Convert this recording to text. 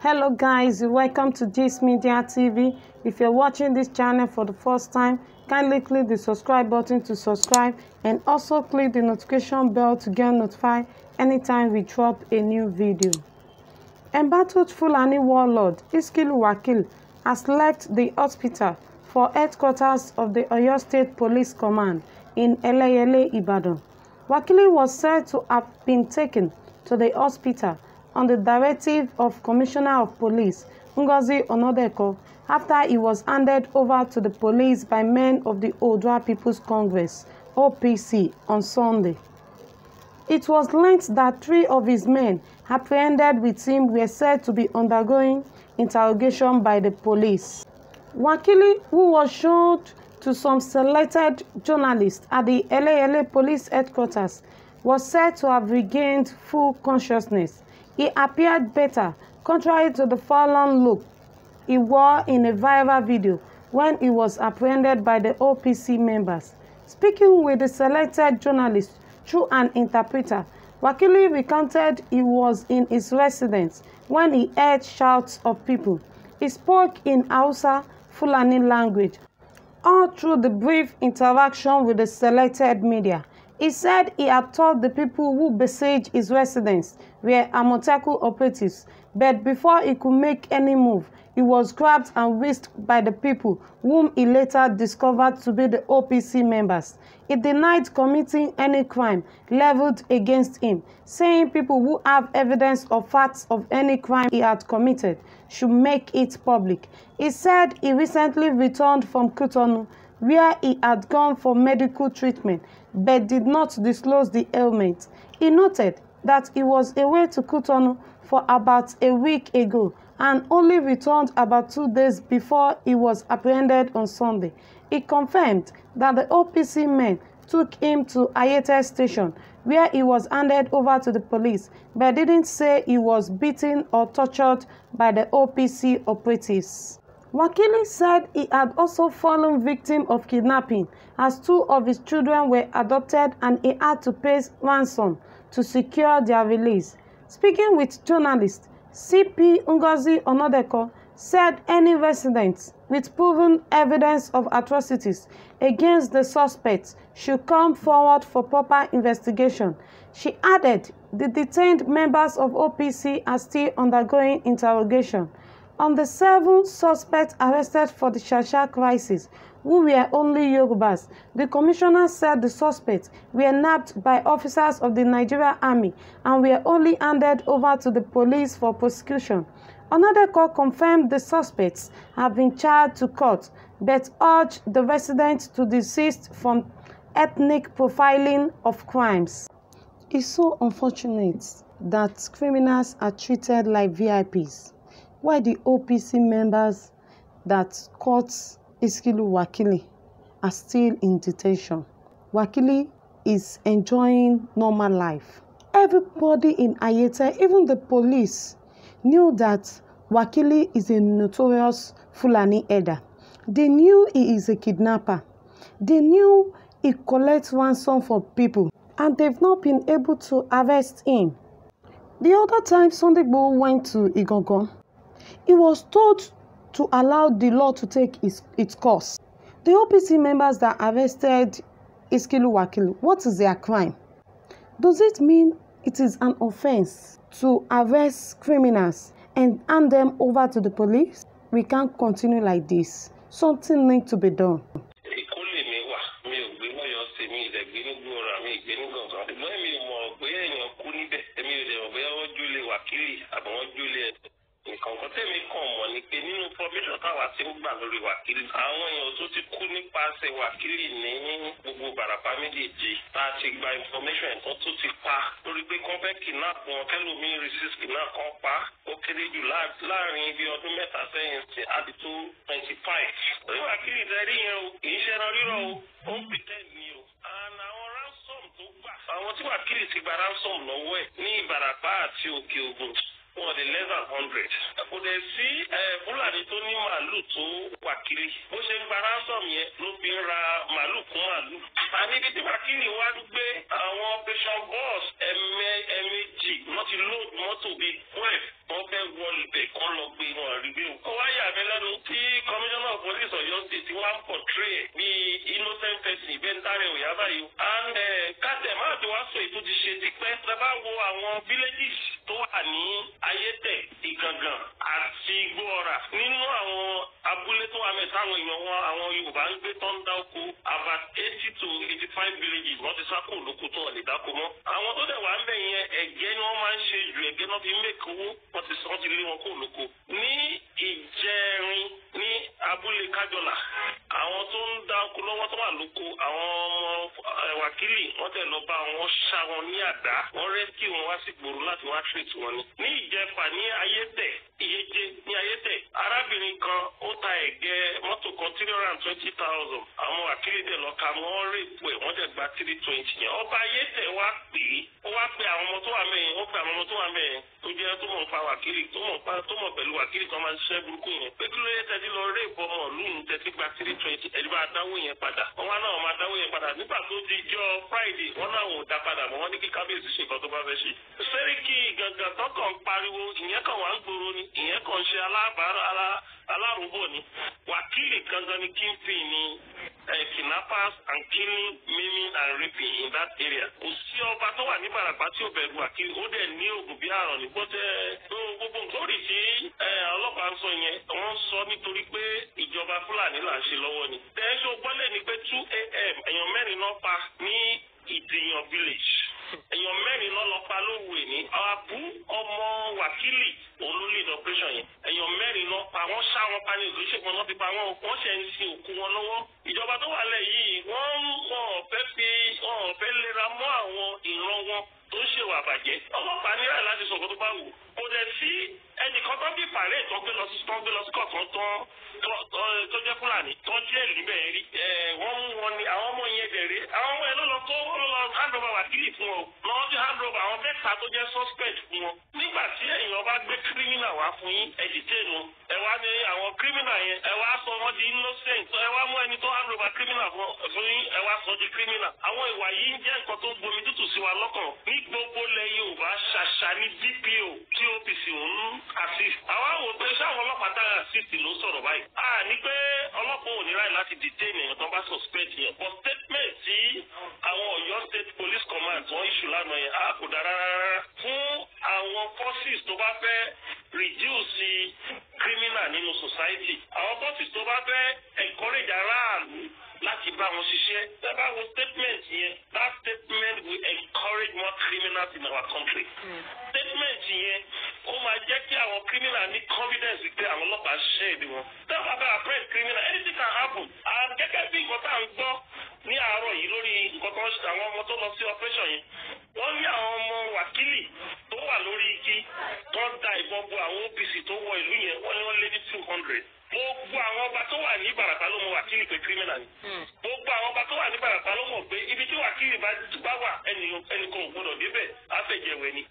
hello guys welcome to gist media tv if you're watching this channel for the first time kindly click the subscribe button to subscribe and also click the notification bell to get notified anytime we drop a new video embattled fulani warlord iskil wakil has left the hospital for headquarters of the Oyo State Police Command in Eleyele, Ibadan. Wakili was said to have been taken to the hospital on the directive of Commissioner of Police Ngozi Onodeko after he was handed over to the police by men of the Odua People's Congress OPC on Sunday. It was learnt that three of his men apprehended with him were said to be undergoing interrogation by the police. Wakili, who was shown to some selected journalists at the Eleyele police headquarters, was said to have regained full consciousness. He appeared better, contrary to the fallen look he wore in a viral video when he was apprehended by the OPC members. Speaking with the selected journalists through an interpreter, Wakili recounted he was in his residence when he heard shouts of people. He spoke in Hausa Fulani language all through the brief interaction with the selected media. He said he had told the people who besieged his residence were Amoteku operatives, but before he could make any move, he was grabbed and whisked by the people, whom he later discovered to be the OPC members. He denied committing any crime leveled against him, saying people who have evidence or facts of any crime he had committed should make it public. He said he recently returned from Cotonou where he had gone for medical treatment but did not disclose the ailment. He noted that he was away to Cotonou for about a week ago and only returned about two days before he was apprehended on Sunday. He confirmed that the OPC men took him to Ayete station where he was handed over to the police but didn't say he was beaten or tortured by the OPC operatives. Wakili said he had also fallen victim of kidnapping as two of his children were adopted and he had to pay ransom to secure their release. Speaking with journalists, CP Ngozi Onodeko said any residents with proven evidence of atrocities against the suspects should come forward for proper investigation. She added the detained members of OPC are still undergoing interrogation. On the seven suspects arrested for the Shasha crisis, who were only Yorubas, the commissioner said the suspects were nabbed by officers of the Nigeria Army and were only handed over to the police for prosecution. Another court confirmed the suspects have been charged to court, but urged the residents to desist from ethnic profiling of crimes. It's so unfortunate that criminals are treated like VIPs. why the OPC members that caught Iskilu Wakili are still in detention. Wakili is enjoying normal life. Everybody in Ayete, even the police, knew that Wakili is a notorious Fulani elder. They knew he is a kidnapper. They knew he collects ransom for people, and they've not been able to arrest him. The other time Sunday Igboho went to Igangan, He was told to allow the law to take its, its course. The OPC members that arrested Iskilu Wakilu, what is their crime? Does it mean it is an offense to arrest criminals and hand them over to the police? We can't continue like this. Something needs to be done táwa ti ń gbà lórí wákìlì. àwọn èèyàn tó ti kú nípasẹ̀ wákìlì ní gbogbo bàràpá méjèèjì tá a ti gba information ẹ̀kọ́ tó ti pa lórí pé kán fẹ́ kidnap wọn kẹlòmíì resist kidnap kan pa ó kéré jù láàrin ibi ọdún mẹ́ta sẹ́yìn sí àti tó twenty five. orí wákìlì tẹ́rí yẹn o kì í ṣe rírọ̀ o ó ń pìtẹ́ ni o. àwọn tí wákìlì ti gba ransom lọ́wọ́ ẹ̀ ní Ìbàràpá àti Òkè Ògùn wọn di less than hundred. kò dẹ̀ sí fúlàní tó ní màálù tó wà kiri bó ṣe ń gba ransom yẹn ló fi ń ra màálù kún màálù. àní tí wákìlì wá gbé àwọn operation boss ẹ̀mẹ́jì wọ́n ti lóòdù mọ́tò bíi twelve wọ́n fẹ́ wọlé bẹ̀ kọ́ lọ gbé wọn rí bí o. ó wá yà mí lẹ́nu tí commissioner of police Ọ̀yọ́ state wá ń portray ẹ̀ bí innocent person bẹ́ńtárẹ̀ òyà báyìí. and kátẹ̀ máa tó wá sọ ètò ti ṣe ti pẹ́. tẹ bá wo àwọn villages tó wà ní ayétẹ̀ ìgangan àti igbó nínú àwọn abúlé tó wà mẹ́ta àwọn èèyàn wọn àwọn yorùbá ń gbé tó oko about eighty to eighty five villages wọ́n ti sáko lóko tó ọ̀lẹ́ dáko mọ́. àwọn tó dẹ̀ wà ń bẹ̀ yẹn ẹ̀gẹ́ ni wọ́n máa ń ṣe ju ẹ̀gẹ́ náà fi ń mèkó wọ́n ti sọ́ ti lé wọn kó lóko. ní ìjẹrin ní abúlé kájọlà tó ń dáko lọ́wọ́ tó wà lóko àwọn ọmọ eh, wákìlì wọ́n tẹ̀ lọ bá wọn ṣá wọn ní àdá wọ́n rẹ́síkì wọn wá sí gbòòrò láti wá treat wọn ni. ní ìjẹfà ní ayétẹ ìyẹjẹ ní ayétẹ arábìnrin kan ó ta ẹ̀gẹ́ mọ́tò kan three hundred and twenty thousand àwọn wákìlì dẹ̀ lọ́ka wọ́n rèpò ẹ̀ wọ́n dẹ̀ gba three twenty yẹn ọba ayétẹ wá pè é wá pe àwọn ọmọ tó wà mẹ́yìn ó pe àwọn ọmọ tó wà mẹ́yìn tó jẹ́ tó mọ̀ nípa wákìlì tó mọ̀ nípa tó mọ̀ pẹ̀lú wákìlì tó máa ń ṣiṣẹ́ burúkú yẹn pé kí ló yẹ tẹ́tí lọ ré ìbọn ọmọ lóhùn tẹ́tí gba three twenty ẹni bá dáwó yẹn padà wọn wá náà máa dáwó yẹn padà nígbà tó di jọ friday wọn náà ò dá padà mọ́ wọn ní kí kábíyèsí ṣe nǹkan tó bá fẹ́ ṣe. sẹ́ríkì gàngàn tó kàn pariwo ìyẹn kan wà ń gbòòrò ni ìyẹn kan ṣe alárùbọ̀ ni wákìlì gangan ni kí n fi ni uh, kidnappers and killing maiming and raping in that area. kò sí ọba tó wà ní barapa tí ò bẹ̀rù àkiri ó dẹ̀ ní oògùn bí àrùn ní gbọ́dẹ̀ tó gbogbo nǹkan rí sí eh, ọlọ́pàá ń sọ yẹn wọ́n sọ nítorí pé ìjọba fúlàní là ń ṣe lọ́wọ́ ni. tẹ́sán gbọ́lẹ̀ ni pé two a.m. èèyàn mẹ́rin náà pa ní ìdèyàn village èèyàn mẹ́rin náà lọ pa lóru èní abu ọmọ wákìlì olólè operation yẹn èèyàn mẹ́rin náà pa wọ́n ṣá wọn pa ní ìlú ìṣègùn náà fi pa wọ́n wọ́n ń sin òkú wọn lọ́wọ́ tó wà lẹ̀ yìí wọ́n wọ́n fẹ́ fi wọ́n fẹ́ lera mọ́ àwọn ìran wọn tó ń ṣèwà bàjẹ́ ọlọ́pàá ní rẹ̀ láti sọ̀kọ́ tó bá wù kò dẹ̀ sí ẹnìkan tó bí pàrẹ́ ìtọ́gbé lọ sí tọ́gbé lọ sí kọ̀ọ̀kan tó jẹ́ fúlàní tó jẹ́ ìlú rí wọ́n mú wọn ni àwọn ọmọ yẹn dẹ̀ àwọn ọmọ yẹn ló lọ tó lọ hand over wàkìlì fún wọn lọ́wọ́ bá gbé kírímìnà wá fún yín ẹ detain wọn ẹ wá ní àwọn kírímìnà yẹn ẹ wá sọ wọn di innocent ẹ wá mú ẹni tó hand over kírímìnà fún yín ẹ wá sọ di kírímìnà àwọn ìwà yìí ń jẹ́ nǹkan tó gbomi tútù sí wa lọ́kàn ní gbogbo ilẹ̀ Yorùbá ṣàṣà ní DPO tí OPC òun àti àwa wò pé sáwọn ọlọ́pàá tá a sì ló sọ̀rọ̀ báyìí a ní pé ọlọ́pàá ò ní ráì láti detain èèyàn tó bá suspect yẹn but statement tí àwọn Ọ̀yọ́ State Police Command wọ́n issue lánàá yẹn a kò dára rárá fún àwọn courses tó bá fẹ́ reduce criminal nínú society àwọn courses tó bá fẹ́ encourage aráàlú láti bá wọn ṣiṣẹ́ dábà wo statement yẹn that statement will encourage more criminals in our country hmm. statement yẹn ó máa jẹ́ kí àwọn criminal ní confidence pé àwọn ọlọ́pàá ṣiṣẹ́ ìdí wọn dábàá bá appress criminal anything can happen gẹ́gẹ́ bí nǹkan tá à ń gbọ́ ní àárọ̀ yìí lórí nǹkan tó ń ṣe àwọn ọmọ tó lọ sí operation yẹn wọ́n ní àwọn ọmọ wákìlì tó wà lórí igi tó ń da ìbọn bo àwọn OPC tó wọ ìlú yẹn wọ́n ní wọ́n lé ní two hundred gbogbo àwọn ọba tó wà ní Ìbàràpá ló mọ wákìlì pé criminal ni hmm. gbogbo àwọn ọba tó wà ní Ìbàràpá ló mọ̀ pé ibi tí wákìlì bá wà ẹnìkan ò gbọdọ̀ débẹ̀ á fẹ̀jẹ̀ wẹ̀ ni.